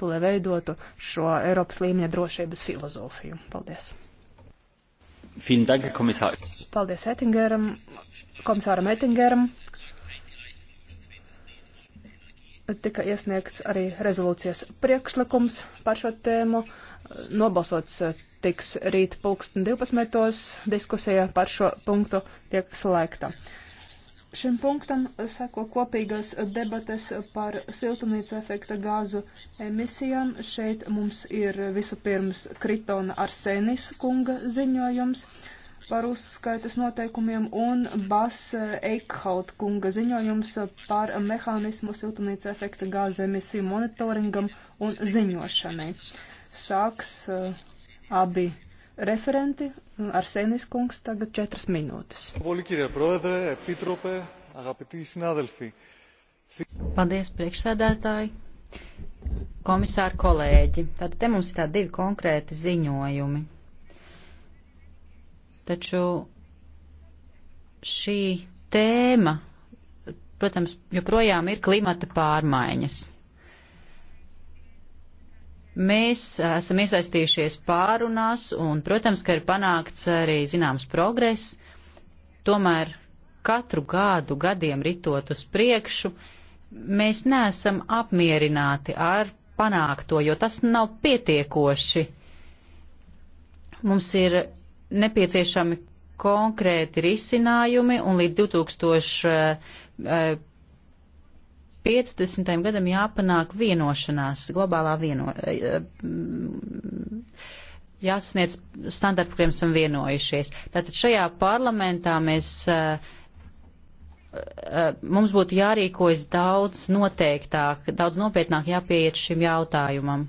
tu, lai veidotu šo Eiropas līmeņa drošības filozofiju. Paldies! Dank, Paldies Ettingeram, komisāram Ettingeram. Tika iesniegts arī rezolūcijas priekšlikums par šo tēmu. Nobalsots eh, tiks rīt pulksten 12. diskusija par šo punktu tiek slēgta. Šim punktam seko kopīgas debates par siltumnīca efekta gāzu emisijām. Šeit mums ir visupirms Kritona Arsenis kunga ziņojums par uzskaitas noteikumiem un Bas Eikhaut kunga ziņojums par mehānismu siltumnīca efekta gāzu emisiju monitoringam un ziņošanai. Sāks eh, abi referenti Arsenis Kungs tagad četras minūtes. Paldies, priekšsēdētāji, komisāri, kolēģi. Tātad te mums ir tādi divi konkrēti ziņojumi. Taču šī tēma, protams, joprojām ir klimata pārmaiņas. Mēs esam iesaistījušies pārunās un, protams, ka ir panākts arī zināms progress, tomēr katru gadu gadiem ritot uz priekšu, mēs neesam apmierināti ar panākto, jo tas nav pietiekoši. Mums ir nepieciešami konkrēti risinājumi un līdz 2000. Uh, 50. gadam jāpanāk vienošanās, globālā vieno, eh, eh, jāsasniedz standarti, kuriem esam vienojušies. Tātad šajā parlamentā mēs, eh, mums būtu jārīkojas daudz noteiktāk, daudz nopietnāk jāpieiet šim jautājumam.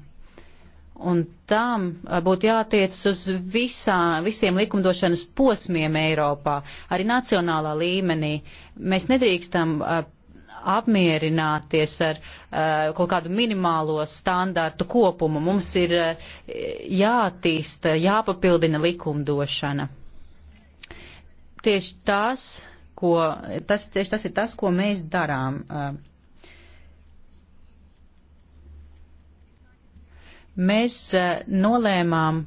Un tam būtu jātiec uz visā, visiem likumdošanas posmiem Eiropā, arī nacionālā līmenī. Mēs nedrīkstam apmierināties ar uh, kaut kādu minimālo standārtu kopumu. Mums ir uh, eh, jātīsta, jāpapildina likumdošana. Tieši tas, ko, tas, tieši tas ir tas, ko mēs darām. Uh, mēs uh, nolēmām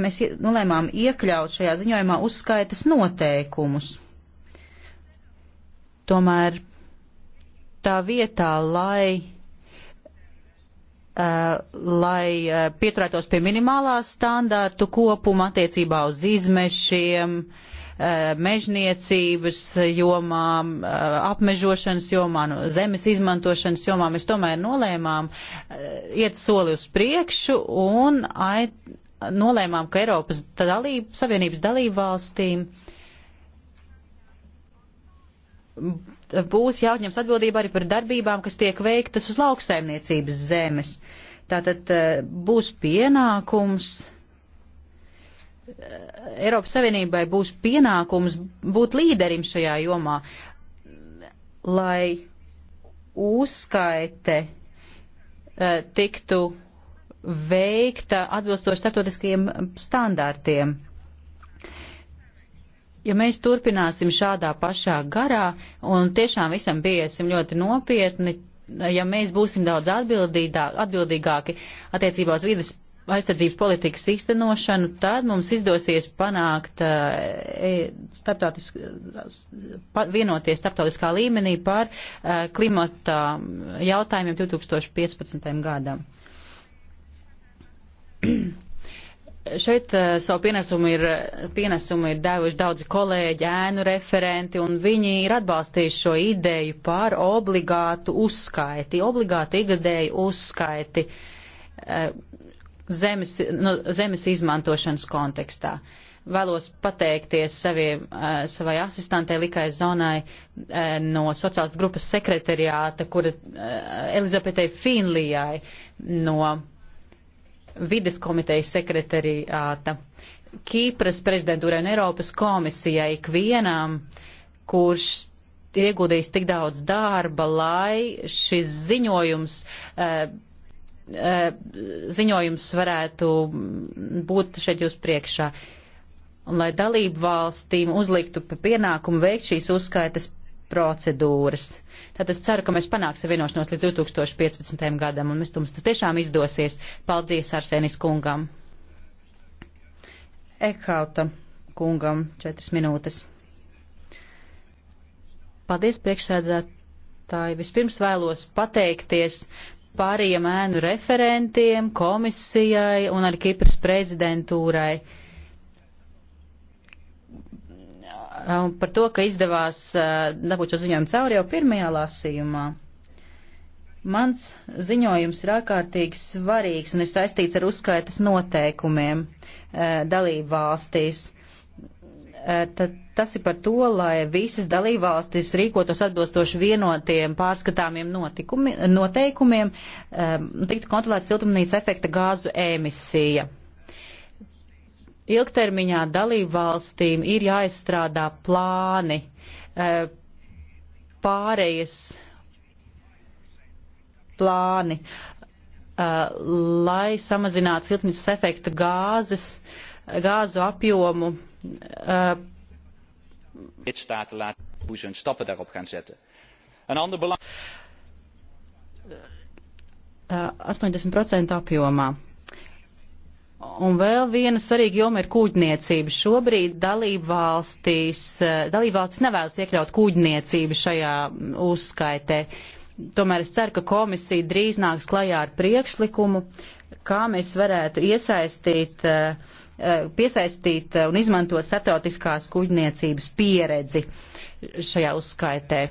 mēs nolēmām iekļaut šajā ziņojumā uzskaitas noteikumus. Tomēr tā vietā, lai, uh, lai uh, pieturētos pie minimālā standārtu kopuma attiecībā uz izmešiem, uh, mežniecības jomām, uh, apmežošanas jomā, no nu, zemes izmantošanas jomā, mēs tomēr nolēmām uh, iet soli uz priekšu un aicināt nolēmām, ka Eiropas dalība, Savienības dalību valstīm būs jāuzņems atbildība arī par darbībām, kas tiek veiktas uz lauksaimniecības zemes. Tātad eh, būs pienākums, eh, Eiropas Savienībai būs pienākums būt līderim šajā jomā, lai uzskaite eh, tiktu veikta atbilstoši starptautiskajiem standārtiem. Ja mēs turpināsim šādā pašā garā un tiešām visam piesim ļoti nopietni, ja mēs būsim daudz atbildīgāki attiecībā uz vides aizsardzības politikas īstenošanu, tad mums izdosies panākt uh, eh, e, starptautisk, pa, vienoties starptautiskā līmenī par uh, klimata jautājumiem 2015. gadam. Šeit uh, savu pienesumu ir, pienesumu ir devuši daudzi kolēģi, ēnu referenti, un viņi ir atbalstījuši šo ideju par obligātu uzskaiti, obligātu igadēju uzskaiti uh, zemes, no, zemes izmantošanas kontekstā. Vēlos pateikties saviem, uh, savai asistentē Likai Zonai no sociālistu grupas sekretariāta, kura Elizabetei Finlijai no vides komitejas sekretariāta, Kīpras prezidentūrai un Eiropas komisijai ikvienam, kurš ir ieguldījis tik daudz darba, lai šis ziņojums, eh, eh, ziņojums varētu būt šeit jūs priekšā. Un lai dalību valstīm uzliktu pienākumu veikt šīs uzskaitas procedūras. Tad es ceru, ka mēs panāksim vienošanos līdz 2015. gadam, un mēs mums tas tiešām izdosies. Paldies Arsenis kungam. Ekhauta kungam četras minūtes. Paldies priekšsēdētāji. Vispirms vēlos pateikties pārējiem ēnu referentiem, komisijai un arī Kipras prezidentūrai un par to, ka izdevās eh, dabūt šo ziņojumu cauri jau pirmajā lasījumā. Mans ziņojums ir ārkārtīgi svarīgs un ir saistīts ar uzskaitas noteikumiem eh, dalību valstīs. Eh, tad tas ir par to, lai visas dalībvalstis rīkotos atbilstoši vienotiem pārskatāmiem noteikumiem, tiktu kontrolēta siltumnīca efekta gāzu emisija ilgtermiņā dalību valstīm ir jāizstrādā plāni e, pārējas plāni, e, lai samazinātu siltumnīcas efekta gāzes, gāzu apjomu. E, lidstaten laten hoe ze hun stappen daarop gaan zetten. Een ander belang. 80% apjomā. Un vēl viena svarīga joma ir kūģniecība. Šobrīd dalībvalstis, eh, dalībvalstis nevēlas iekļaut kūģniecību šajā uzskaitē. Tomēr es ceru, ka komisija drīz nāks klajā ar priekšlikumu, kā mēs varētu iesaistīt, eh, eh, piesaistīt un izmantot starptautiskās kuģniecības pieredzi šajā uzskaitē.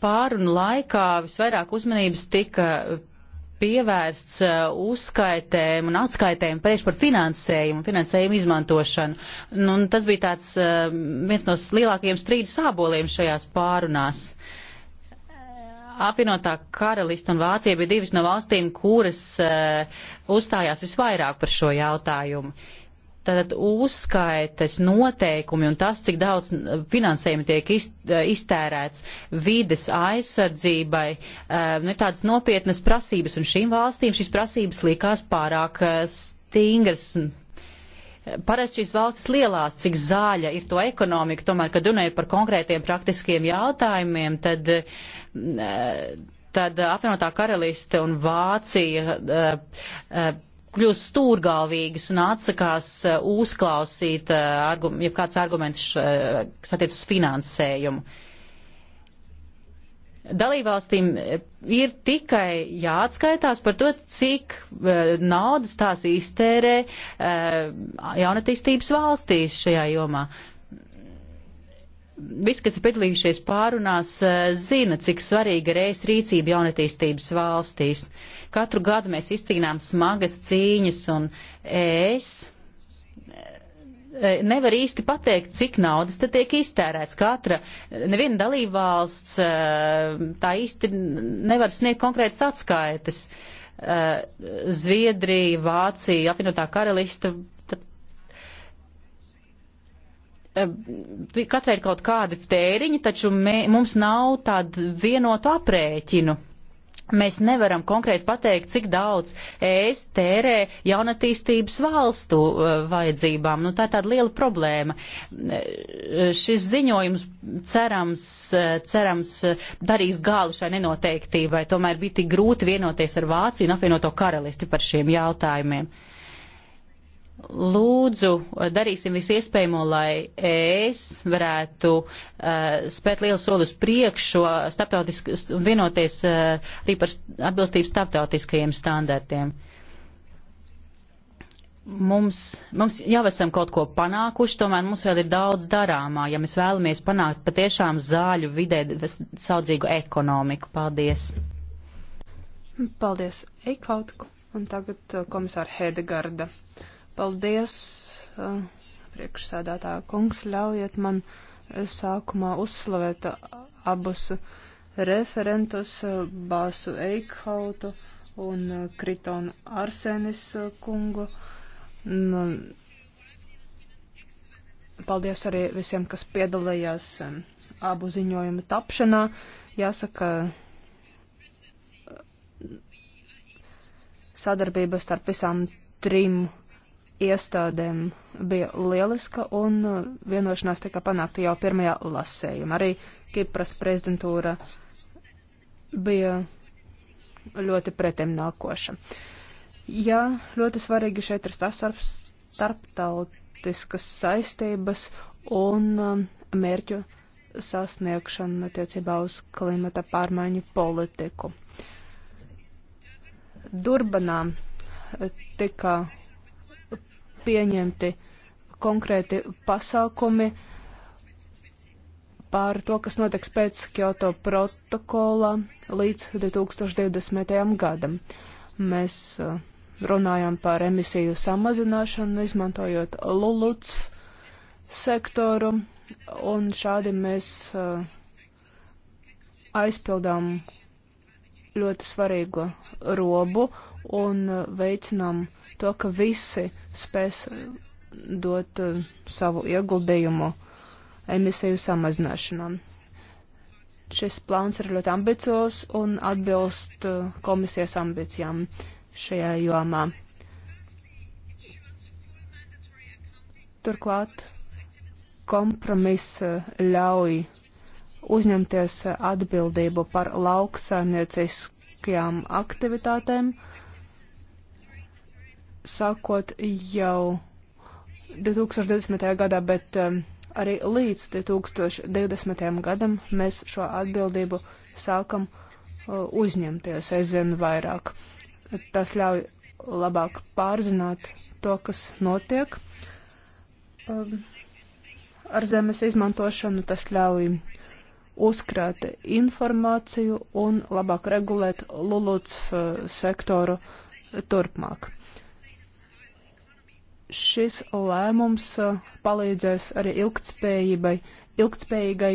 Pārunu laikā visvairāk uzmanības tika pievērsts uh, uzskaitēm un atskaitēm priekš par finansējumu, finansējumu izmantošanu. Un, nu, un tas bija tāds uh, viens no lielākajiem strīdu sāboliem šajās pārunās. Uh, apvienotā karalista un Vācija bija divas no valstīm, kuras uzstājās visvairāk par šo jautājumu. Uh, Tātad uzskaites noteikumi un tas, cik daudz finansējuma tiek iztērēts vides aizsardzībai, ir nu, tādas nopietnas prasības, un šīm valstīm šīs prasības likās pārāk stingras. Parasti šīs valstis lielās, cik zāļa ir to ekonomika, tomēr, kad runāju par konkrētiem praktiskiem jautājumiem, tad, tad apvienotā karaliste un Vācija kļūst stūrgalvīgas un atsakās eh, uzklausīt eh, argum, ja kāds arguments, eh, kas attiec uz finansējumu. Dalībvalstīm ir tikai jāatskaitās par to, cik naudas tās iztērē jaunatīstības valstīs šajā jomā visi, kas ir piedalījušies pārunās, eh, zina, cik svarīga ir ēst rīcība jaunatīstības valstīs. Katru gadu mēs izcīnām smagas cīņas un ēs. Eh, nevar īsti pateikt, cik naudas te tiek iztērēts. Katra, neviena dalībvalsts eh, tā īsti nevar sniegt konkrētas atskaites. Zviedrija, Vācija, apvienotā karalista katrai ir kaut kādi tēriņi, taču mē, mums nav tādu vienotu aprēķinu. Mēs nevaram konkrēti pateikt, cik daudz es tērē jaunatīstības valstu uh, vajadzībām. Nu, tā ir tāda liela problēma. Uh, šis ziņojums cerams, uh, cerams darīs galu šai nenoteiktībai. Tomēr bija tik grūti vienoties ar Vāciju un apvienoto karalisti par šiem jautājumiem. Uh, Lūdzu, darīsim visu iespējamo, lai es varētu uh, spēt lielu soli uz priekšu eh, un vienoties uh, arī par atbilstību starptautiskajiem standartiem. Mums, mums jau esam kaut ko panākuši, tomēr mums vēl ir daudz darāmā, ja mēs vēlamies panākt patiešām zāļu vidē saudzīgu ekonomiku. Paldies! Paldies, Eikautku! Un tagad komisāra Hedegarda. Uh, Paldies, uh, priekšsēdētā kungs, ļaujiet man eh, sākumā uzslavēt eh, abus referentus, Bāsu Eikhautu un Kritonu Arsenis kungu. Nu, paldies arī visiem, kas piedalījās abu ziņojumu tapšanā. Jāsaka, sadarbība starp visām trim iestādēm bija lieliska un uh, vienošanās tika panākta jau pirmajā lasējumā. Arī Kipras prezidentūra bija ļoti pretim nākoša. Jā, ļoti svarīgi šeit ir tas starptautiskas saistības un um, mērķu sasniegšana attiecībā uz klimata pārmaiņu politiku. Durbanā tika pieņemti konkrēti pasākumi par to, kas notiks pēc Kyoto protokola līdz 2020. gadam. Mēs uh, runājam par emisiju samazināšanu, izmantojot LULUCF sektoru, un šādi mēs uh, aizpildām ļoti svarīgo robu un uh, veicinām uh, to, ka visi spēs dot eh, savu ieguldījumu emisiju samazināšanā. Šis plāns ir ļoti ambiciozs un atbilst eh, komisijas ambīcijām šajā jomā. Turklāt kompromiss eh, ļauj uzņemties atbildību par lauksaimnieciskajām aktivitātēm, uh, sākot jau 2020. gadā, bet um, arī līdz 2020. gadam mēs šo atbildību sākam uh, uzņemties aizvien vairāk. Tas ļauj labāk pārzināt to, kas notiek um, ar zemes izmantošanu, tas ļauj uzkrāt informāciju un labāk regulēt luluts uh, sektoru turpmāk šis lēmums uh, palīdzēs arī ilgtspējībai, ilgtspējīgai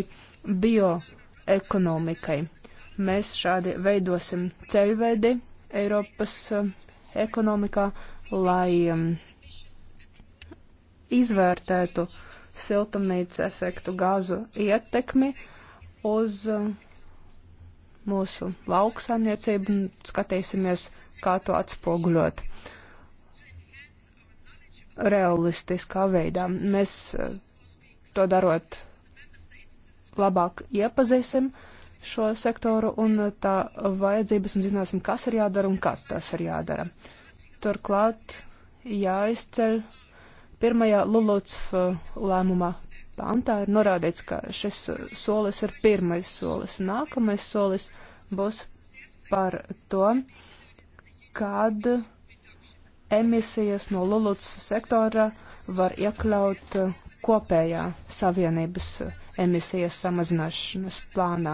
bioekonomikai. Mēs šādi veidosim ceļvedi Eiropas uh, ekonomikā, lai um, izvērtētu siltumnīca efektu gāzu ietekmi uz uh, mūsu lauksaimniecību un skatīsimies, kā to atspoguļot. Uh, realistiskā veidā. Mēs eh, to darot labāk iepazīsim šo sektoru un eh, tā vajadzības un zināsim, kas ir jādara un kad tas ir jādara. Turklāt jāizceļ pirmajā Lulucf eh, lēmumā pantā ir norādīts, ka šis solis ir pirmais solis. Nākamais solis būs par to, kad uh, emisijas no Luluts sektora var iekļaut uh, kopējā savienības uh, emisijas samazināšanas plānā.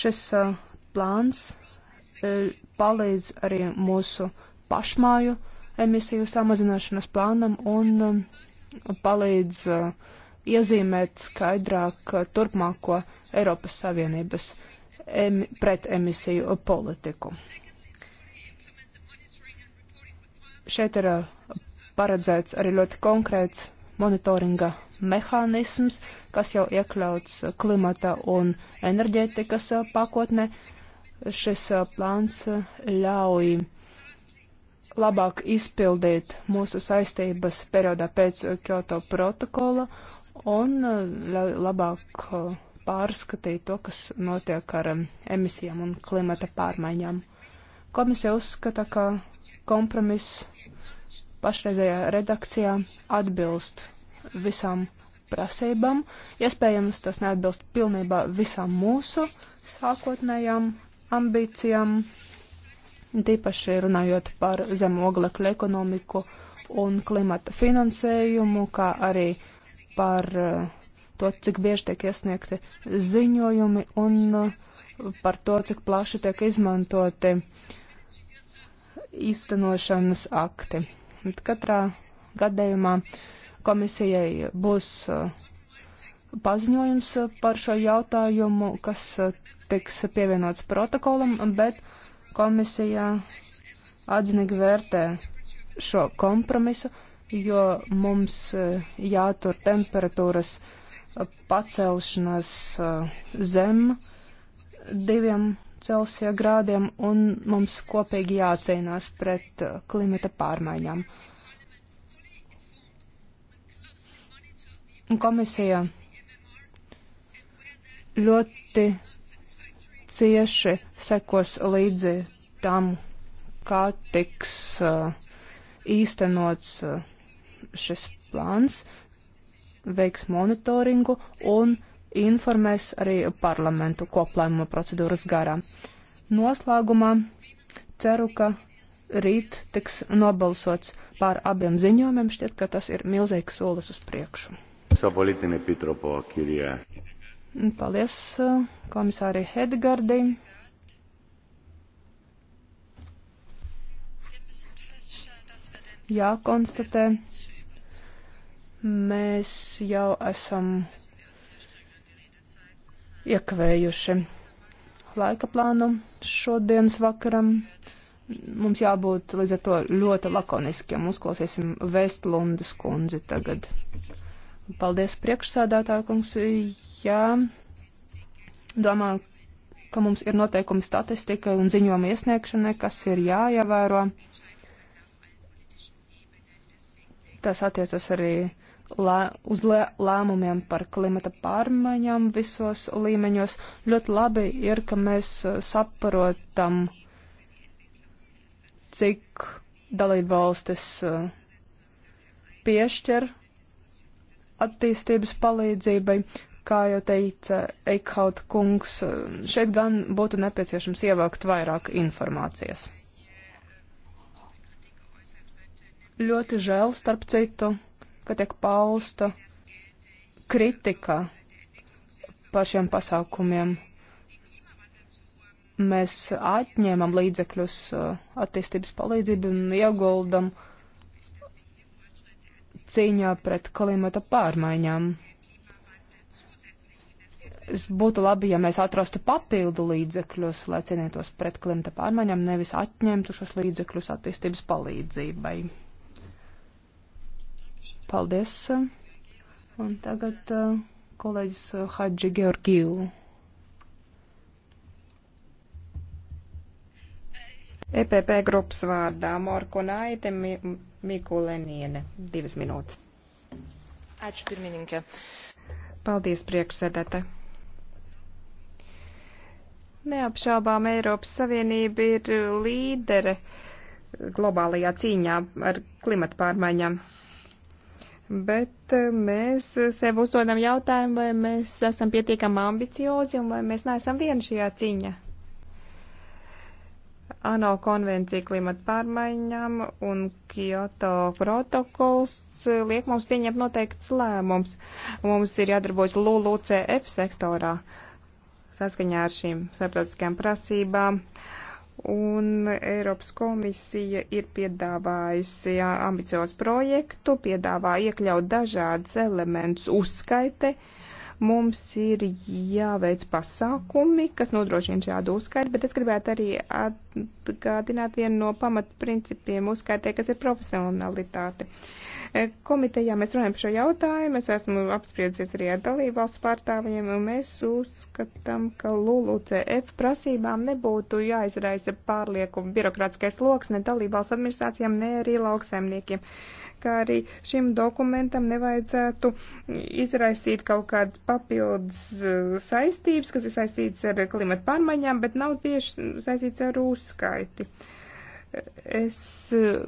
Šis uh, plāns palīdz arī mūsu pašmāju emisiju samazināšanas plānam un um, palīdz iezīmēt skaidrāk turpmāko Eiropas Savienības em pret emisiju politiku. Šeit ir paredzēts arī ļoti konkrēts monitoringa mehānisms, kas jau iekļauts klimata un enerģētikas pakotnē. Šis plāns ļauj labāk izpildīt mūsu saistības periodā pēc Kyoto protokola un ļauj labāk pārskatīt to, kas notiek ar emisijām un klimata pārmaiņām. Komisija uzskata, ka kompromiss pašreizējā redakcijā atbilst visām prasībām. Iespējams, tas neatbilst pilnībā visām mūsu sākotnējām ambīcijām, tīpaši runājot par zemoglekļu ekonomiku un klimata finansējumu, kā arī par uh, to, cik bieži tiek iesniegti ziņojumi un uh, par to, cik plaši tiek izmantoti uh, īstenošanas akti. Katrā gadījumā komisijai būs uh, paziņojums uh, par šo jautājumu, kas uh, tiks pievienots protokolam, bet komisija atzinīgi vērtē šo kompromisu, jo mums jātur temperatūras pacelšanās zem diviem Celsija grādiem un mums kopīgi jācīnās pret uh, klimata pārmaiņām. Komisija ļoti cieši sekos līdzi tam, kā tiks uh, īstenots uh, šis plāns, veiks monitoringu un informēs arī parlamentu koplēmuma procedūras garā. Noslēgumā ceru, ka rīt tiks nobalsots pār abiem ziņojumiem, šķiet, ka tas ir milzīgs solis uz priekšu. Paldies eh, komisāri Hedgardai. jākonstatē, mēs jau esam iekavējuši laika plānu šodienas vakaram. Mums jābūt līdz ar to ļoti lakoniskiem. Uzklausīsim Vestlundas kundzi tagad. Paldies priekšsēdētāju kungs. Jā, domāju, ka mums ir noteikumi statistikai un ziņojuma iesniegšanai, kas ir jāievēro. Tas attiecas arī lē, uz lē, lēmumiem par klimata pārmaiņām visos līmeņos. Ļoti labi ir, ka mēs uh, saprotam, cik dalībvalstis uh, piešķir attīstības palīdzībai. Kā jau teica Eikhaut kungs, uh, šeit gan būtu nepieciešams ievākt vairāk informācijas. Ļoti žēl, starp citu, ka tiek pausta kritika par šiem pasākumiem. Mēs atņēmam līdzekļus uh, attīstības palīdzību un ieguldam cīņā pret klimata pārmaiņām. Es būtu labi, ja mēs atrastu papildu līdzekļus, lai cienītos pret klimata pārmaiņām, nevis atņemtu šos līdzekļus attīstības palīdzībai. Paldies. Un tagad eh, kolēģis eh, Hadži Georgiju. EPP grupas vārdā Morko Naite Mikuleniene. Divas minūtes. Ačiū pirmininkė. Paldies priekšsēdētāji. Neapšaubām Eiropas Savienība ir līdere globālajā cīņā ar klimata pārmaiņām. Bet eh, mēs sev uzdodam jautājumu, vai mēs esam pietiekami ambiciozi un vai mēs neesam vieni šajā cīņā. ANO konvencija klimata pārmaiņām un Kyoto protokols eh, liek mums pieņemt noteikts lēmums. Mums ir jādarbojas LULUCF sektorā saskaņā ar šīm starptautiskajām prasībām. Uh, Un Eiropas komisija ir piedāvājusi ambiciozu projektu, piedāvā iekļaut dažādas elementus uzskaite, uh, Mums ir jāveic pasākumi, kas nodrošina šādu uzskaiti, bet es gribētu arī atgādināt vienu no pamatprincipiem uzskaitē, kas ir profesionalitāte. E, komitejā mēs runājam par šo jautājumu, es esmu apspriedusies arī ar dalību valstu pārstāvjiem, un mēs uzskatām, ka LULUCF prasībām nebūtu jāizraisa pārlieku birokrātiskais loks ne dalību valsts administrācijām, ne arī lauksaimniekiem. Uh, ka arī šim dokumentam nevajadzētu izraisīt kaut kādas papildus eh, saistības, kas ir saistītas ar klimatu pārmaiņām, bet nav tieši saistīts ar uzskaiti. Es eh,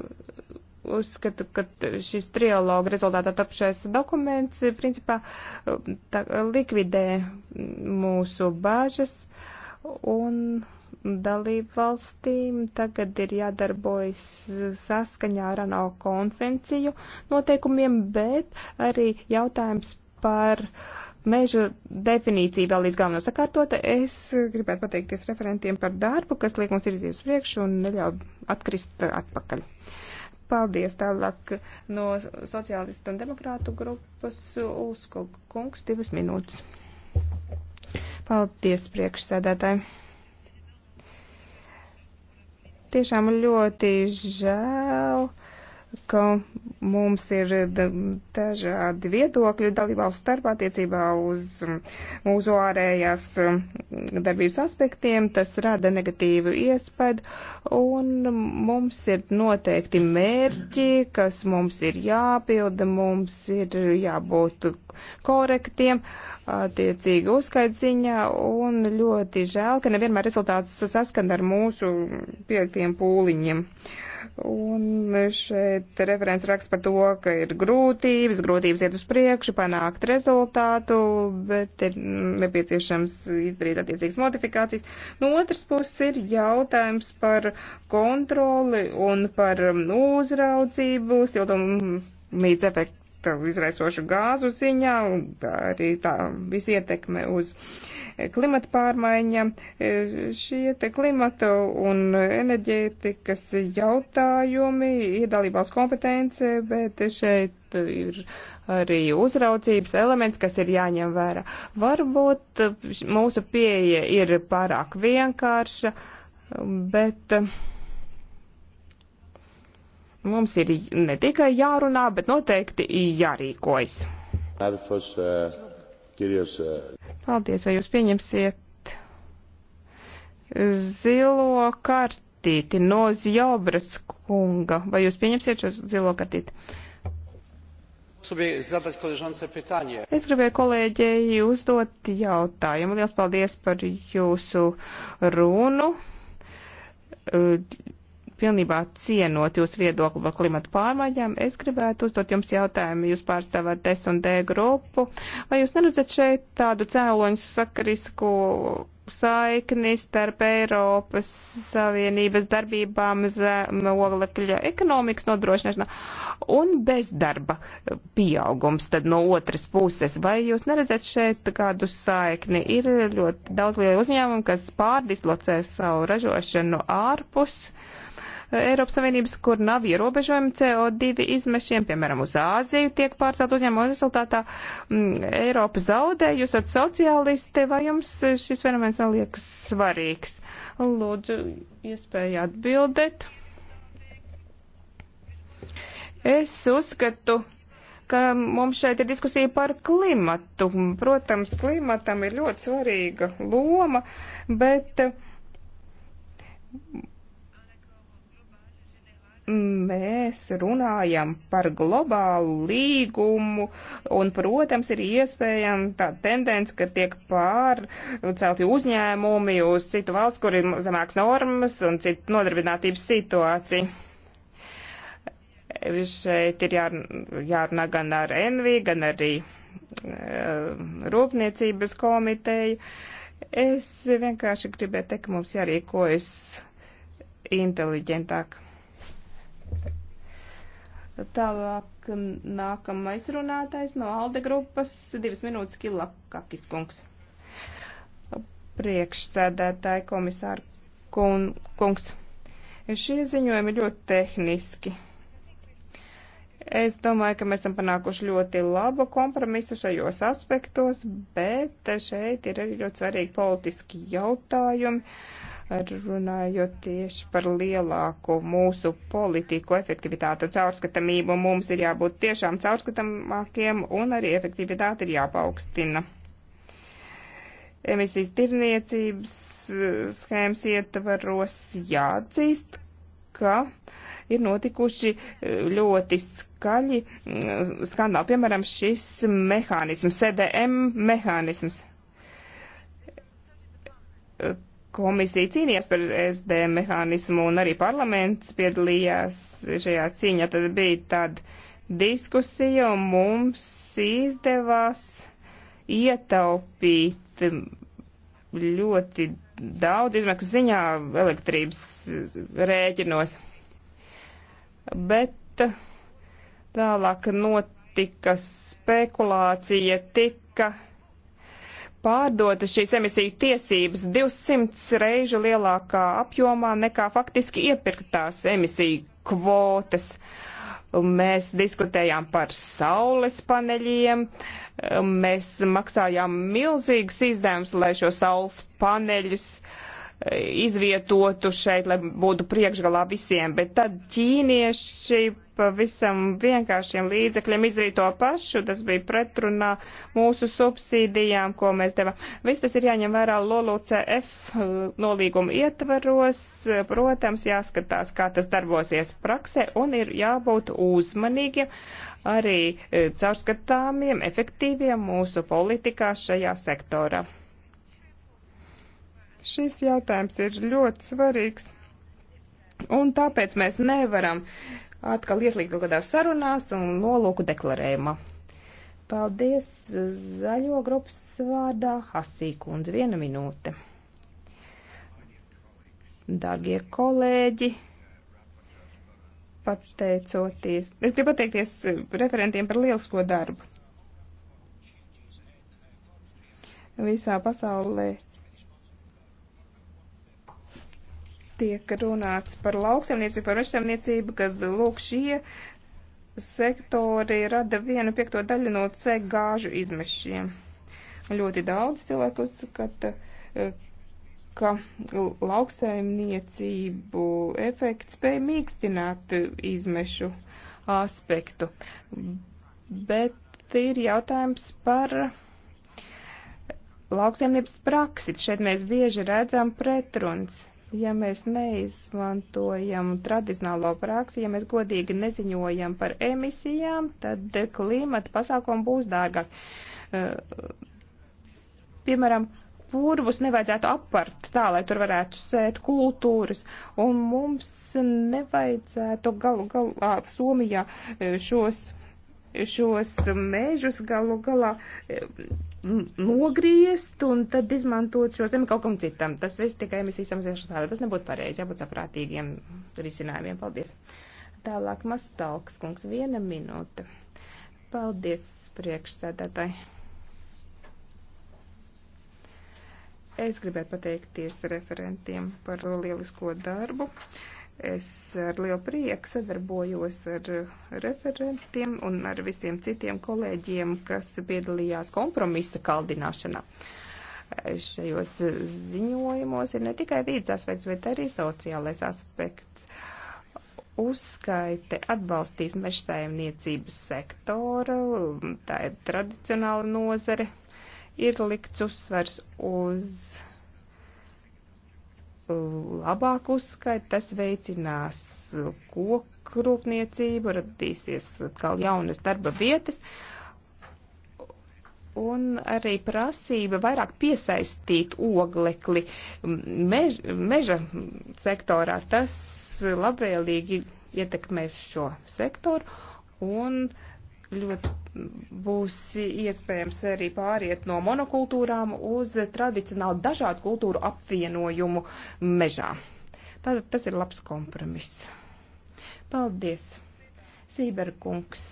uzskatu, ka šis trialoga rezultātā tapšais dokuments eh, principā tā, likvidē mūsu bāžas un dalību valstīm tagad ir jādarbojas saskaņā ar ANO konvenciju noteikumiem, bet arī jautājums par meža definīciju vēl līdz galam nav sakārtota. Es gribētu pateikties referentiem par darbu, kas liek mums virzīties priekšu un neļauj atkrist atpakaļ. Paldies tālāk no sociālistu un demokrātu grupas Ulskog kungs divas minūtes. Paldies priekšsēdētāji. Tiešām ļoti žēl ka mums ir dažādi viedokļi dalībvalstu starpā attiecībā uz mm, mūsu ārējās mm, darbības aspektiem. Tas rada negatīvu iespēju, un mums ir noteikti mērķi, kas mums ir jāpilda, mums ir jābūt korektiem, attiecīgi uzskaitziņā, un ļoti žēl, ka nevienmēr rezultāts saskan ar mūsu pieliktiem pūliņiem. Uh, Un šeit referents raksts par to, ka ir grūtības, grūtības iet uz priekšu, panākt rezultātu, bet ir nepieciešams izdarīt attiecīgas modifikācijas. No otras puses ir jautājums par kontroli un par uzraudzību, siltumu līdz efektu izraisošu gāzu ziņā, un arī tā visi ietekme uz eh, klimata pārmaiņām. Eh, šie te klimata un enerģētikas jautājumi ir dalībās kompetence, bet šeit ir arī uzraudzības elements, kas ir jāņem vērā. Varbūt eh, mūsu pieeja ir pārāk vienkārša, bet. Uh, Mums ir ne tikai jārunā, bet noteikti jārīkojas. Uh, uh, paldies, vai jūs pieņemsiet zilo kartīti no Zjobras kunga? Vai jūs pieņemsiet šo zilo kartīti? Es gribēju kolēģei uzdot jautājumu. Lielas paldies par jūsu runu pilnībā cienot jūsu viedokli par klimatu pārmaiņām, es gribētu uzdot jums jautājumu. Jūs pārstāvāt S un D grupu. Vai jūs neredzat šeit tādu cēloņu sakarisku saikni starp Eiropas Savienības darbībām zem oglekļa ekonomikas nodrošināšanā un bezdarba pieaugums tad no otras puses. Vai jūs neredzat šeit kādu saikni? Ir ļoti daudz liela uzņēmumu, kas pārdislocē savu ražošanu ārpus. Uh, Eiropas Savienības, kur nav ierobežojumi CO2 izmešiem, piemēram, uz Āziju tiek pārcelt uzņēmumu, un rezultātā m, mm, Eiropa zaudē, jūs esat sociālisti, vai jums šis fenomens nav liekas svarīgs? Lūdzu, iespēja atbildēt. Es uzskatu, ka mums šeit ir diskusija par klimatu. Protams, klimatam ir ļoti svarīga loma, bet mēs runājam par globālu līgumu, un, protams, ir iespējama tā tendence, ka tiek pārcelti uzņēmumi uz citu valsts, kur ir zemāks normas un citu nodarbinātības situācija šeit ir jār, jārunā gan ar NV, gan arī uh, Rūpniecības komiteju. Es vienkārši gribēju teikt, ka mums jārīkojas inteliģentāk. Tālāk nākamais runātais no Alde grupas, divas minūtes Kila Kakis kungs. Priekšsēdētāji komisāri kun, kungs. Šie ziņojumi ļoti tehniski. Es domāju, ka mēs esam panākuši ļoti labu kompromisu šajos aspektos, bet šeit ir arī ļoti svarīgi politiski jautājumi, runājot tieši par lielāku mūsu politiku efektivitāti un caurskatamību. Mums ir jābūt tiešām caurskatāmākiem un arī efektivitāti ir jāpaukstina emisijas tirniecības schēmas ietvaros jāatzīst, ka ir notikuši eh, ļoti skaļi mm, skandāli. Piemēram, šis mehānisms, CDM mehānisms. Eh, komisija cīnījās par SD mehānismu un arī parlaments piedalījās šajā cīņā. Tad bija tāda diskusija un mums izdevās ietaupīt mm, ļoti daudz izmaksu ziņā elektrības eh, rēķinos bet tālāk notika spekulācija, tika pārdota šīs emisiju tiesības 200 reižu lielākā apjomā nekā faktiski iepirktās emisiju kvotas. Mēs diskutējām par saules paneļiem, mēs maksājām milzīgas izdevumus, lai šo saules paneļus uh, izvietotu šeit, lai būtu priekšgalā visiem, bet tad ķīnieši pavisam vienkāršiem līdzekļiem izdarīja to pašu, tas bija pretrunā mūsu subsīdijām, ko mēs devām. Viss tas ir jāņem vērā LOLUCF eh, nolīguma ietvaros, protams, jāskatās, kā tas darbosies praksē un ir jābūt uzmanīgiem arī eh, caurskatāmiem, efektīviem mūsu politikā šajā sektorā. Šis jautājums ir ļoti svarīgs, un tāpēc mēs nevaram atkal ieslīgt kaut kādās sarunās un nolūku deklarējumā. Paldies zaļo grupas vārdā Hasī kundze, viena minūte. Dārgie kolēģi, pateicoties, es gribu pateikties referentiem par lielisko darbu. Visā pasaulē tiek runāts par lauksaimniecību, par mežsaimniecību, kad lūk šie sektori rada vienu piekto daļu no C gāžu izmešiem. Ļoti daudz cilvēku uzskata, eh, ka lauksaimniecību efekts spēja mīkstināt eh, izmešu aspektu. Bet ir jautājums par lauksaimniecības praksi. Šeit mēs bieži redzam pretruns ja mēs neizmantojam tradicionālo praksi, ja mēs godīgi neziņojam par emisijām, tad klimata pasākumi būs dārgāk. Eh, piemēram, purvus nevajadzētu apart tā, lai tur varētu sēt kultūras, un mums nevajadzētu galu galā Somijā eh, šos, šos mežus galu galā eh, nogriezt un tad izmantot šo zemi kaut kam citam. Tas viss tikai emisijas samazināšanas vārdā. Tas nebūtu pareizi, jābūt saprātīgiem risinājumiem. Paldies. Tālāk Mastalks kungs, viena minūte. Paldies priekšsēdētāji. Es gribētu pateikties referentiem par lielisko darbu. Uh, Es ar lielu prieku sadarbojos ar referentiem un ar visiem citiem kolēģiem, kas piedalījās kompromisa kaldināšanā. Šajos ziņojumos ir ne tikai vīdes aspekts, bet arī sociālais aspekts. Uzskaite atbalstīs mežsaimniecības sektoru, tā ir tradicionāla nozare, ir likts uzsvers uz labāk uzskaita, tas veicinās koku rūpniecību, radīsies atkal jaunas darba vietas. Un arī prasība vairāk piesaistīt oglekli mež, meža sektorā, tas labvēlīgi ietekmēs šo sektoru un uh, ļoti būs iespējams arī pāriet no monokultūrām uz tradicionāli dažādu kultūru apvienojumu mežā. Tātad tas ir labs kompromiss. Paldies, Sīberkungs.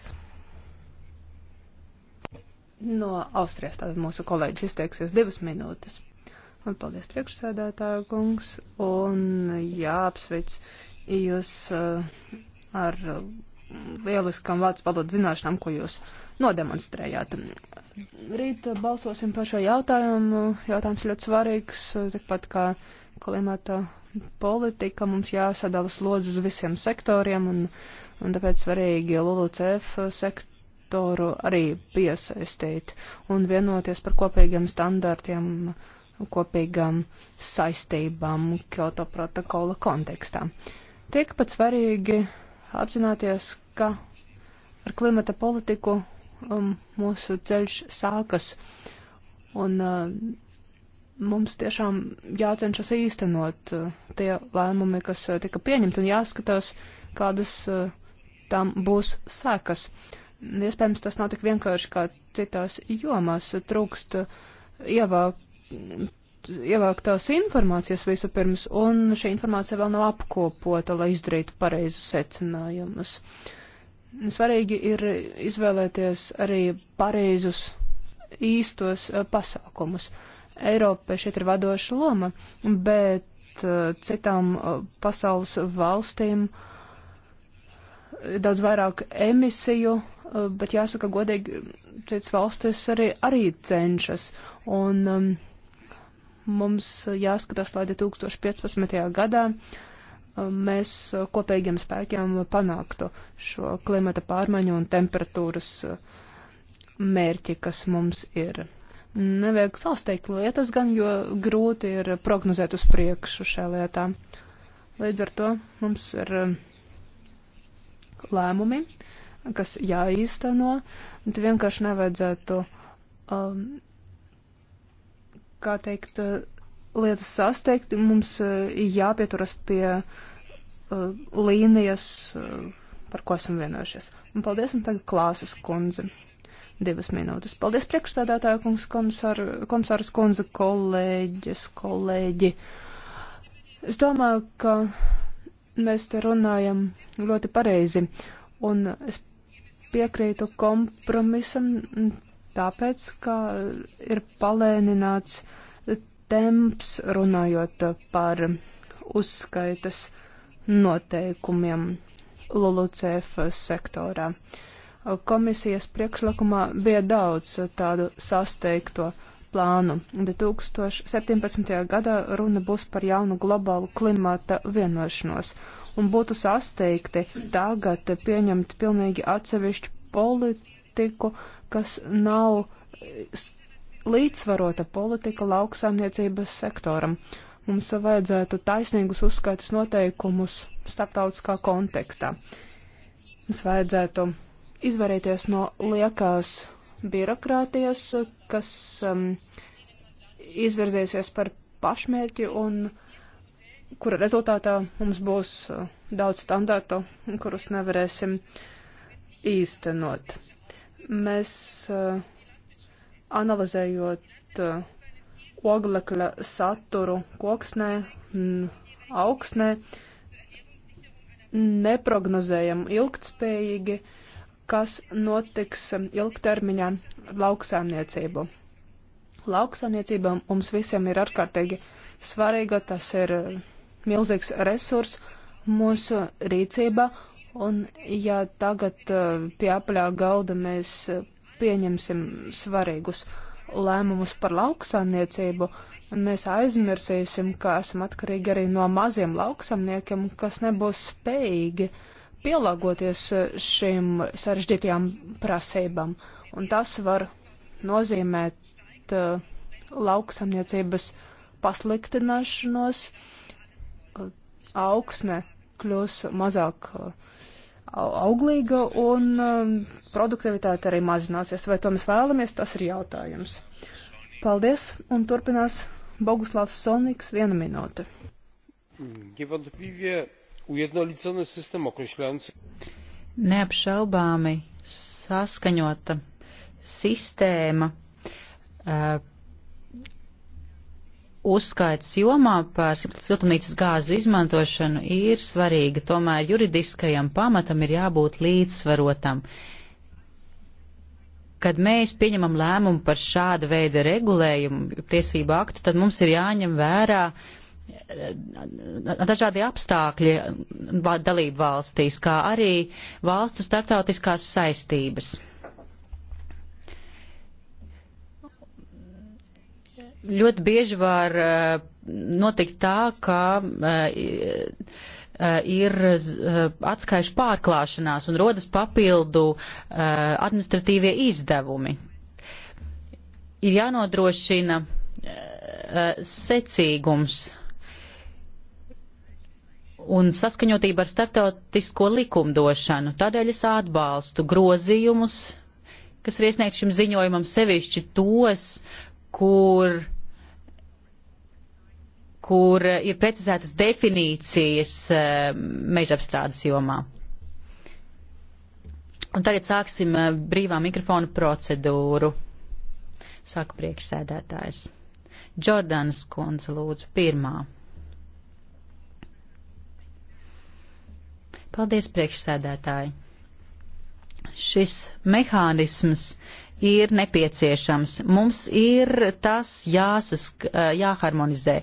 No Austrijas tātad mūsu kolēģis izteiksies divas minūtes. Un paldies priekšsēdētāju kungs un jāapsveic jūs uh, ar lieliskam vārds paldies zināšanām, ko jūs nodemonstrējāt. Rīt balsosim par šo jautājumu. Jautājums ļoti svarīgs, tikpat kā klimata politika. Mums jāsadala slodzi uz visiem sektoriem, un, un tāpēc svarīgi LULUCF sektoru arī piesaistīt un vienoties par kopīgiem standartiem kopīgām saistībām Kyoto protokola kontekstā. Tiek pat svarīgi apzināties, ka ar klimata politiku um, mūsu ceļš sākas. Un uh, mums tiešām jācenšas īstenot uh, tie lēmumi, kas uh, tika pieņemti, un jāskatās, kādas uh, tam būs sekas. Iespējams, tas nav tik vienkārši kā citās jomās. Trūkst uh, ievāk ievāktās informācijas vispirms, un šī informācija vēl nav apkopota, lai izdarītu pareizu secinājumus. Svarīgi ir izvēlēties arī pareizus īstos eh, pasākumus. Eiropai šeit ir vadoša loma, bet eh, citām eh, pasaules valstīm daudz vairāk emisiju, bet jāsaka godīgi, citas valstis arī, arī cenšas. Un, um, Mums jāskatās, lai 2015. gadā uh, mēs uh, kopīgiem spēkiem panāktu šo klimata pārmaiņu un temperatūras uh, mērķi, kas mums ir. Nevajag sasteigt lietas gan, jo grūti ir prognozēt uz priekšu šajā lietā. Līdz ar to mums ir lēmumi, kas jāīsteno, un vienkārši nevajadzētu um, kā teikt, eh, lietas sasteigti, mums eh, jāpieturas pie eh, līnijas, par ko esam vienojušies. Un paldies, un tagad klāsas kundze. Divas minūtes. Paldies priekšstādātāju kungs, komisār, komisāras kundze, kolēģis, kolēģi. Es domāju, ka mēs te runājam ļoti pareizi, un es piekrītu kompromisam tāpēc, ka ir palēnināts temps runājot par uzskaitas noteikumiem LULUCF sektorā. Komisijas priekšlikumā bija daudz tādu sasteigto plānu. 2017. gadā runa būs par jaunu globālu klimata vienošanos, un būtu sasteigti tagad pieņemt pilnīgi atsevišķu politiku, uh, kas nav līdzsvarota politika lauksaimniecības sektoram. Mums vajadzētu taisnīgus uzskaitas noteikumus starptautiskā kontekstā. Mums vajadzētu izvarīties no liekās birokrātijas, kas um, izvirzīsies par pašmērķi un kura rezultātā mums būs uh, daudz standārtu, kurus nevarēsim īstenot mēs eh, analizējot eh, oglekļa saturu koksnē un augsnē, neprognozējam ilgtspējīgi, kas notiks ilgtermiņā lauksēmniecību. Lauksēmniecība mums visiem ir ārkārtīgi svarīga, tas ir eh, milzīgs resurs mūsu rīcībā, Un ja tagad uh, pie apaļā galda mēs uh, pieņemsim svarīgus lēmumus par lauksaimniecību, un mēs aizmirsīsim, ka esam atkarīgi arī no maziem lauksaimniekiem, kas nebūs spējīgi pielāgoties uh, šīm sarežģītajām prasībām. Un tas var nozīmēt uh, lauksaimniecības pasliktināšanos, uh, augsne kļūs mazāk uh, auglīga un um, produktivitāte arī mazināsies. Vai to mēs vēlamies, tas ir jautājums. Paldies, un turpinās Boguslavs Soniks viena minūte. Neapšaubāmi saskaņota sistēma uh, uzskaits jomā par siltumnīcas gāzu izmantošanu ir svarīga, tomēr juridiskajam pamatam ir jābūt līdzsvarotam. Kad mēs pieņemam lēmumu par šādu veidu regulējumu tiesību aktu, tad mums ir jāņem vērā eh, dažādi apstākļi dalību valstīs, kā arī valstu starptautiskās saistības. ļoti bieži var eh, notikt tā, ka eh, eh, ir atskaišu pārklāšanās un rodas papildu administratīvie izdevumi. Ir jānodrošina secīgums un saskaņotība ar starptautisko likumdošanu. Tādēļ es atbalstu grozījumus, kas ir iesniegti šim ziņojumam, sevišķi tos, kur, kur ir precizētas definīcijas eh, meža apstrādes jomā. Un tagad sāksim eh, brīvā mikrofona procedūru. Saka priekšsēdētājs. Jordānas kundze lūdzu pirmā. Paldies priekšsēdētāji. Šis mehānisms ir nepieciešams. Mums ir tas jāsask, eh, jāharmonizē,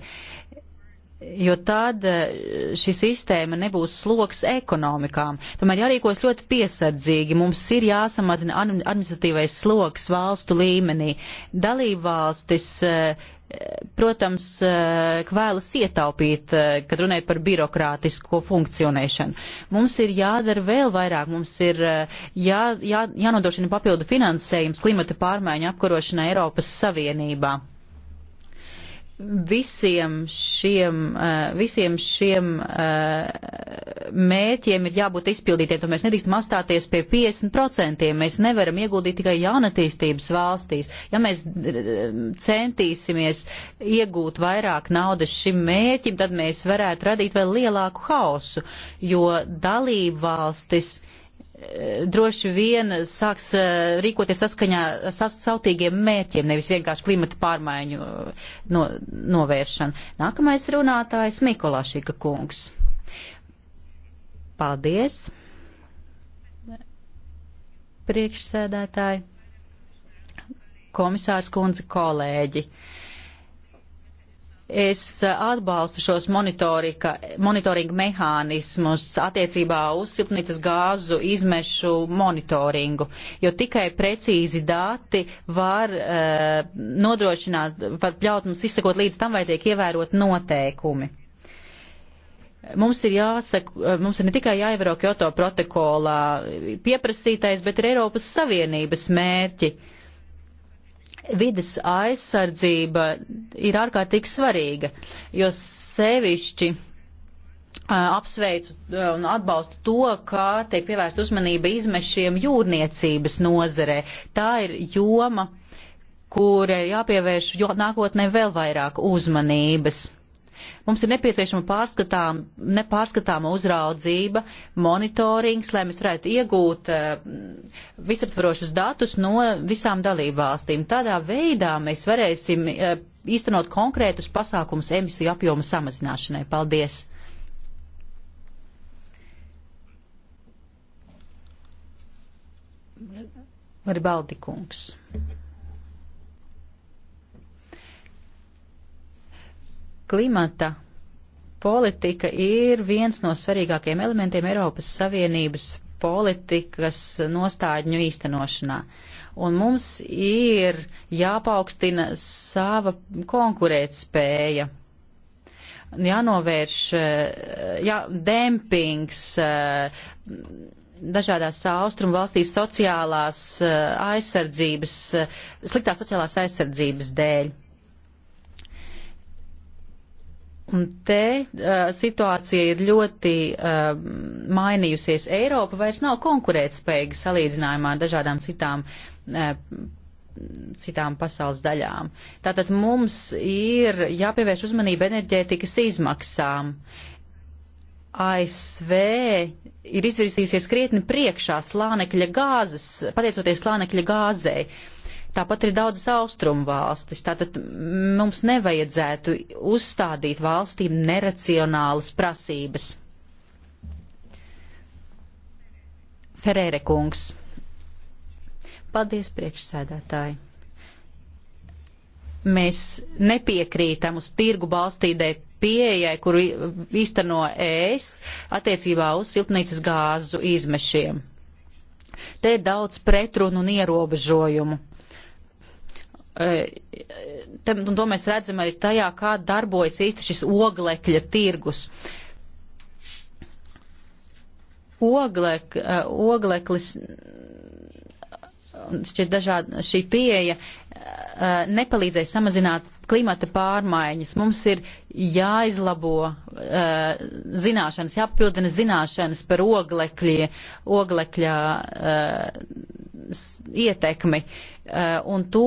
jo tad eh, šī sistēma nebūs sloks ekonomikām. Tomēr jārīkos ļoti piesardzīgi. Mums ir jāsamazina administratīvais sloks valstu līmenī. Dalībvalstis uh, protams, eh, ka vēlas ietaupīt, eh, kad runāja par birokrātisko funkcionēšanu. Mums ir jādara vēl vairāk, mums ir eh, jā, jā, jānodrošina papildu finansējums klimata pārmaiņu apkarošanai Eiropas Savienībā. Visiem šiem, visiem šiem mērķiem ir jābūt izpildītiem, tad mēs nedrīkstam astāties pie 50%. Mēs nevaram ieguldīt tikai jaunatīstības valstīs. Ja mēs eh, centīsimies iegūt vairāk naudas šim mērķim, tad mēs varētu radīt vēl lielāku hausu, jo dalību valstis eh, droši vien sāks eh, rīkoties saskaņā ar sautīgiem mērķiem, nevis vienkārši klimata pārmaiņu no, novēršanu. Nākamais runātājs Mikolāšika kungs. Paldies! Priekšsēdētāji, komisārs kundze, kolēģi. Es atbalstu šos monitoringa mehānismus attiecībā uz siltumnīcas gāzu izmešu monitoringu, jo tikai precīzi dati var uh, nodrošināt, var ļaut mums izsakot līdz tam, vai tiek ievērot noteikumi. Mums ir jāsaka, mums ir ne tikai jāievēro Kyoto protokolā pieprasītais, bet ir Eiropas Savienības mērķi. Vides aizsardzība ir ārkārtīgi svarīga, jo sevišķi apsveicu un atbalstu to, ka tiek pievērsta uzmanība izmešiem jūrniecības nozarē. Tā ir joma, kur jāpievērš jo, nākotnē vēl vairāk uzmanības. Mums ir nepieciešama pārskatām, nepārskatāma uzraudzība, monitorings, lai mēs varētu iegūt uh, visaptvarošus datus no visām dalībvalstīm. Tādā veidā mēs varēsim uh, īstenot konkrētus pasākumus emisiju apjoma samazināšanai. Paldies! Gribaldi kungs. Klimata politika ir viens no svarīgākajiem elementiem Eiropas Savienības politikas nostādņu īstenošanā. Un mums ir jāpaukstina sava konkurētspēja jānovērš jā, dempings dažādās austrumu valstīs sociālās eh, aizsardzības, eh, sliktās sociālās aizsardzības dēļ. Un te uh, situācija ir ļoti uh, mainījusies. Eiropa vairs nav konkurētspējīga salīdzinājumā ar dažādām citām, uh, citām pasaules daļām. Tātad mums ir jāpievērš uzmanība enerģētikas izmaksām. ASV ir izvirzījusies krietni priekšā slānekļa gāzes, pateicoties slānekļa gāzei. Uh, Tāpat ir daudzas austrumu valstis. Tātad mums nevajadzētu uzstādīt valstīm neracionālas prasības. Ferēre kungs. Paldies, priekšsēdētāji. Mēs nepiekrītam uz tirgu balstīdai pieejai, kuru īsteno ES attiecībā uz siltnīcas gāzu izmešiem. Te ir daudz pretrunu un ierobežojumu. Te, un to mēs redzam arī tajā, kā darbojas īsti šis oglekļa tirgus. Oglek, eh, ogleklis, šķiet dažādi, šī pieeja eh, nepalīdzēja samazināt klimata pārmaiņas. Mums ir jāizlabo eh, zināšanas, jāapildina zināšanas par oglekļa, oglekļa ietekmi eh, un to,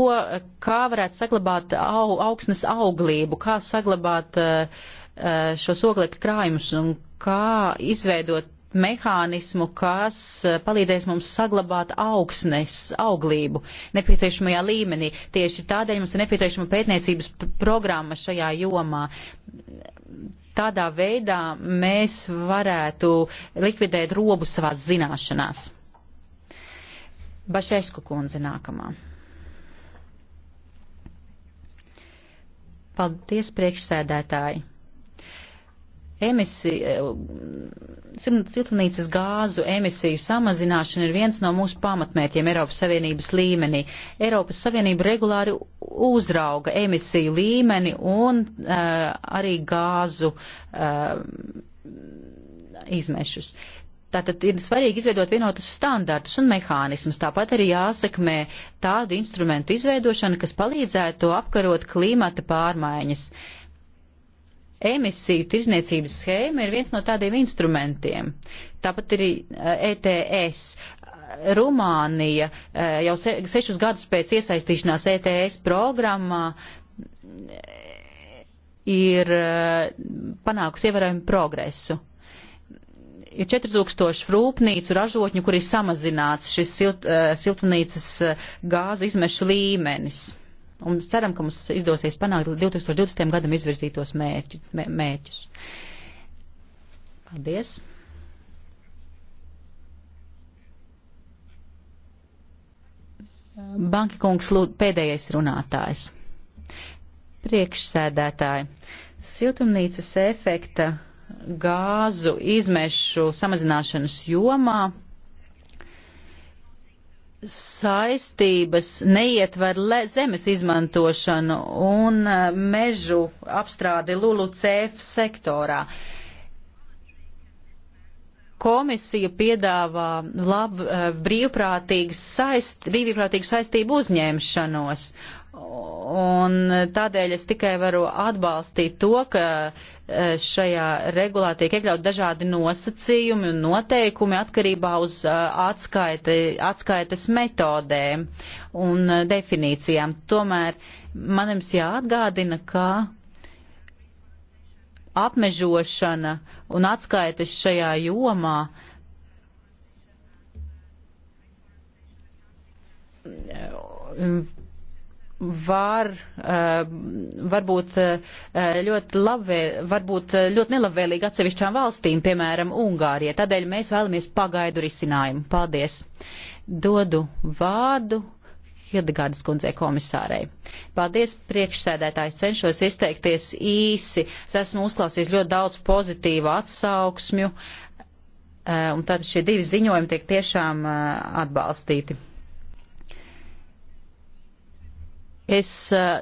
kā varētu saglabāt au, augsnes auglību, kā saglabāt eh, eh, šos oglekļa krājumus un kā izveidot mehānismu, kas palīdzēs mums saglabāt augsnes auglību nepieciešamajā līmenī. Tieši tādēļ mums ir nepieciešama pētniecības programma šajā jomā. Tādā veidā mēs varētu likvidēt robu savās zināšanās. Bašesku kundze nākamā. Paldies, priekšsēdētāji! emisiju, eh, siltumnīcas gāzu emisiju samazināšana ir viens no mūsu pamatmērķiem Eiropas Savienības līmenī. Eiropas Savienība regulāri uzrauga emisiju līmeni un uh, arī gāzu uh, izmešus. Uh, Tātad ir svarīgi izveidot vienotus standartus un mehānismus, tāpat arī jāsekmē tādu instrumentu izveidošana, kas palīdzētu apkarot klimata pārmaiņas. Emisiju tirzniecības schēma ir viens no tādiem instrumentiem. Tāpat arī ETS. Eh, e Rumānija eh, jau se, sešus gadus pēc iesaistīšanās ETS programmā eh, ir panākusi ievērojumu progresu ir 4000 rūpnīcu ražotņu, kur ir samazināts šis silt, eh, siltumnīcas eh, gāzu izmešu līmenis. Un mēs ceram, ka mums izdosies panākt 2020. gadam izvirzītos mērķi, mē, mērķus. Paldies! Banki kungs lūd pēdējais runātājs. Priekšsēdētāji, siltumnīcas efekta gāzu izmešu samazināšanas jomā saistības neietver zemes izmantošanu un e, mežu apstrādi LULUCF sektorā. Komisija piedāvā lab, e, brīvprātīgu saist, brīvprātīgu saistību uzņemšanos Un eh, tādēļ es tikai varu atbalstīt to, ka eh, šajā regulā tiek iekļaut dažādi nosacījumi un noteikumi atkarībā uz eh, atskaite, atskaites metodēm un definīcijām. Tomēr man jums jāatgādina, ka apmežošana un atskaites šajā jomā var, eh, varbūt eh, ļoti, labvē, varbūt eh, ļoti nelabvēlīgi atsevišķām valstīm, piemēram, Ungārijai. Tādēļ mēs vēlamies pagaidu risinājumu. Paldies! Dodu vārdu Hildegārdas kundzei komisārei. Paldies, priekšsēdētājs, cenšos izteikties īsi. Es esmu uzklausījis ļoti daudz pozitīvu atsauksmju, un tātad šie divi ziņojumi tiek tiešām atbalstīti. Es uh,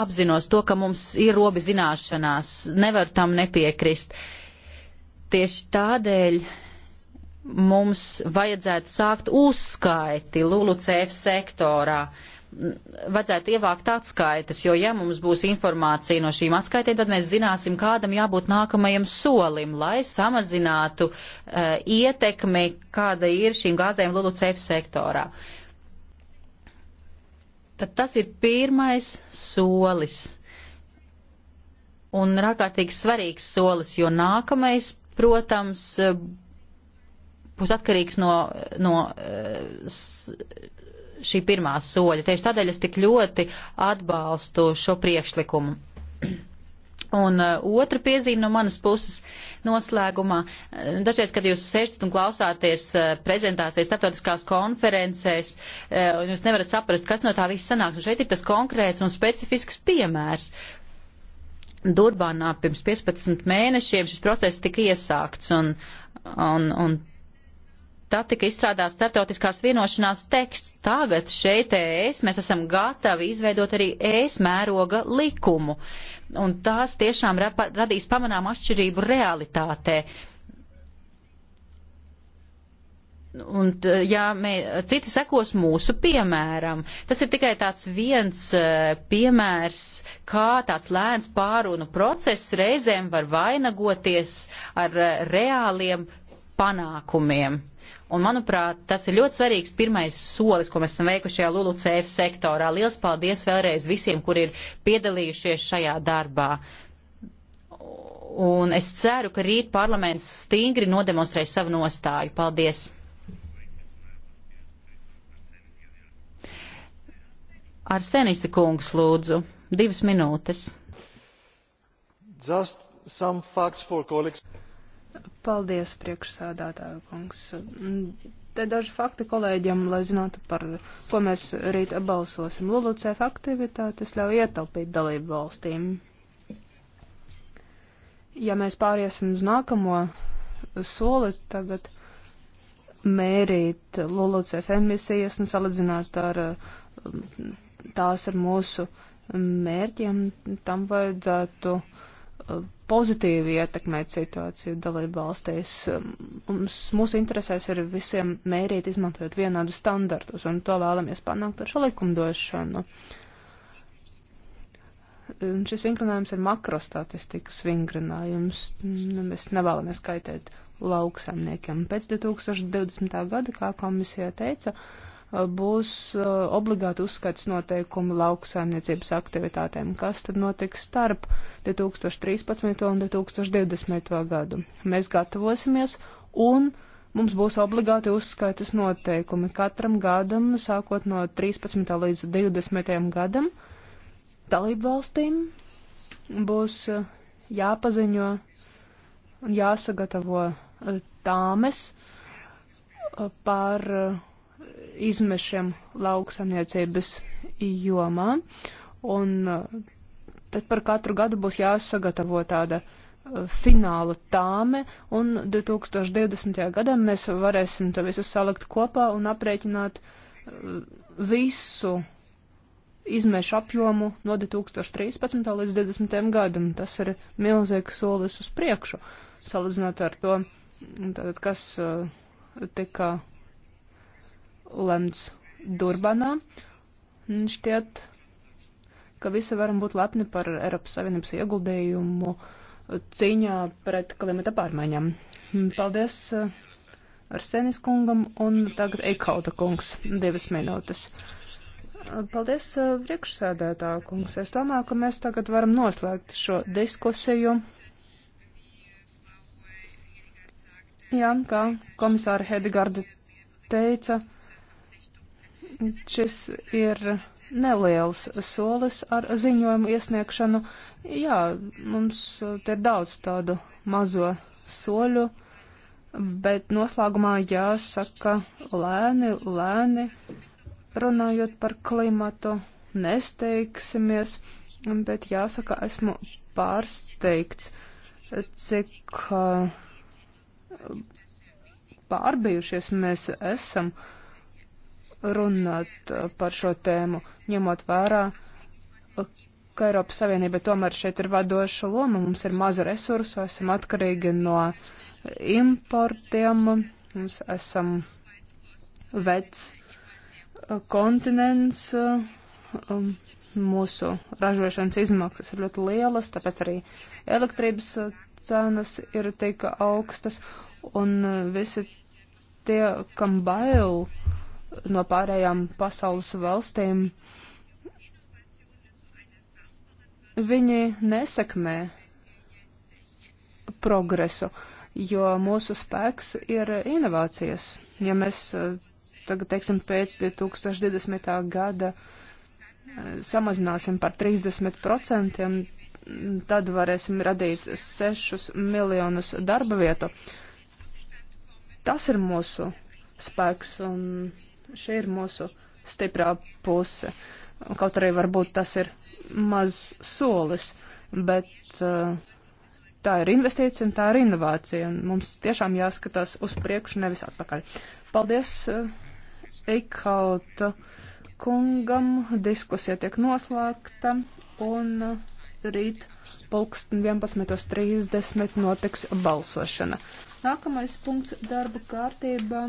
apzinos to, ka mums ir robi zināšanās, nevar tam nepiekrist. Tieši tādēļ mums vajadzētu sākt uzskaiti LULUCF sektorā. Vajadzētu ievākt atskaites, jo ja mums būs informācija no šīm atskaitēm, tad mēs zināsim, kādam jābūt nākamajam solim, lai samazinātu uh, ietekmi, kāda ir šīm gāzēm LULUCF sektorā. Uh, tad tas ir pirmais solis. Un ārkārtīgi svarīgs solis, jo nākamais, protams, būs atkarīgs no, no eh, šī pirmā soļa. Tieši tādēļ es tik ļoti atbalstu šo priekšlikumu. Un uh, otra piezīme no manas puses noslēgumā. Uh, dažreiz, kad jūs sēžat un klausāties uh, prezentācijas starptautiskās konferencēs, uh, jūs nevarat saprast, kas no tā viss sanāks. Un šeit ir tas konkrēts un specifisks piemērs. Durbānā pirms 15 mēnešiem šis process tika iesākts un, un, un tā tika izstrādāts starptautiskās vienošanās teksts. Tagad šeit ES mēs esam gatavi izveidot arī ES mēroga likumu. Uh, un tās tiešām radīs pamanām atšķirību realitātē. Un, ja mē, citi sekos mūsu piemēram, tas ir tikai tāds viens uh, piemērs, kā tāds lēns pārunu process reizēm var vainagoties ar uh, reāliem panākumiem. Un, manuprāt, tas ir ļoti svarīgs pirmais solis, ko mēs esam veikuši šajā LULUCF sektorā. Liels paldies vēlreiz visiem, kur ir piedalījušies šajā darbā. Un es ceru, ka rīt parlaments stingri nodemonstrēs savu nostāju. Paldies! Arsenisa kungs lūdzu, divas minūtes. Just some facts for colleagues. Paldies, priekšsādātāju kungs. Te daži fakti kolēģiem, lai zinātu, par ko mēs rīt balsosim. Lulucēf aktivitātes ļauj ietaupīt dalību valstīm. Ja mēs pāriesim uz nākamo soli, tagad mērīt Lulucēf emisijas un salīdzināt ar tās ar mūsu mērķiem, tam vajadzētu pozitīvi ietekmēt situāciju dalību valstīs. Um, mums, mūsu interesēs ir visiem mērīt, izmantojot vienādu standartus, un to vēlamies panākt ar šo likumdošanu. Un šis vingrinājums ir makrostatistikas vingrinājums. Nu, mēs nevēlamies kaitēt lauksaimniekiem. Pēc 2020. gada, kā komisija teica, uh, būs uh, obligāti uzskats noteikumi lauksaimniecības aktivitātēm, kas tad notiks starp 2013. un 2020. gadu. Mēs gatavosimies un mums būs obligāti uzskaitas noteikumi katram gadam, sākot no 13. līdz 20. gadam. Dalību valstīm būs uh, jāpaziņo un jāsagatavo uh, tāmes par uh, izmešiem lauksamniecības jomā. Un eh, tad par katru gadu būs jāsagatavo tāda eh, fināla tāme, un 2020. gadā mēs varēsim to visu salikt kopā un aprēķināt eh, visu izmešu apjomu no 2013. līdz 2020. gadam. Tas ir milzīgs solis uz priekšu, salīdzinot ar to, tātad, kas tika lemts Durbanā. Un šķiet, ka visi varam būt lepni par Eiropas Savienības ieguldījumu cīņā pret klimata pārmaiņām. Paldies eh, Arsenis kungam un tagad Eikauta kungs divas minūtes. Paldies, eh, priekšsēdētā kungs. Es domāju, ka mēs tagad varam noslēgt šo diskusiju. Jā, kā komisāra Hedegarda teica, Šis ir neliels solis ar ziņojumu iesniegšanu. Jā, mums te ir daudz tādu mazo soļu, bet noslēgumā jāsaka lēni, lēni, runājot par klimatu, nesteigsimies, bet jāsaka, esmu pārsteigts, cik pārbijušies mēs esam. Uh, runāt uh, par šo tēmu, ņemot vērā, ka Eiropas Savienība tomēr šeit ir vadoša loma, mums ir maza resursu, esam atkarīgi no importiem, mums esam vecs uh, kontinents, uh, um, mūsu ražošanas izmaksas ir ļoti lielas, tāpēc arī elektrības cenas ir tik augstas, un visi tie, kam bail, uh, no pārējām pasaules valstīm, viņi nesekmē progresu, jo mūsu spēks ir inovācijas. Ja mēs eh, tagad, teiksim, pēc 2020. gada eh, samazināsim par 30%, tad varēsim radīt 6 miljonus darba vietu. Tas ir mūsu spēks un Šī ir mūsu stiprā puse. Kaut arī varbūt tas ir maz solis, bet uh, tā ir investīcija un tā ir inovācija. Un mums tiešām jāskatās uz priekšu, nevis atpakaļ. Paldies uh, Eikauta kungam. Diskusija tiek noslēgta un uh, rīt pulksten 11.30 notiks balsošana. Nākamais punkts darba kārtībā.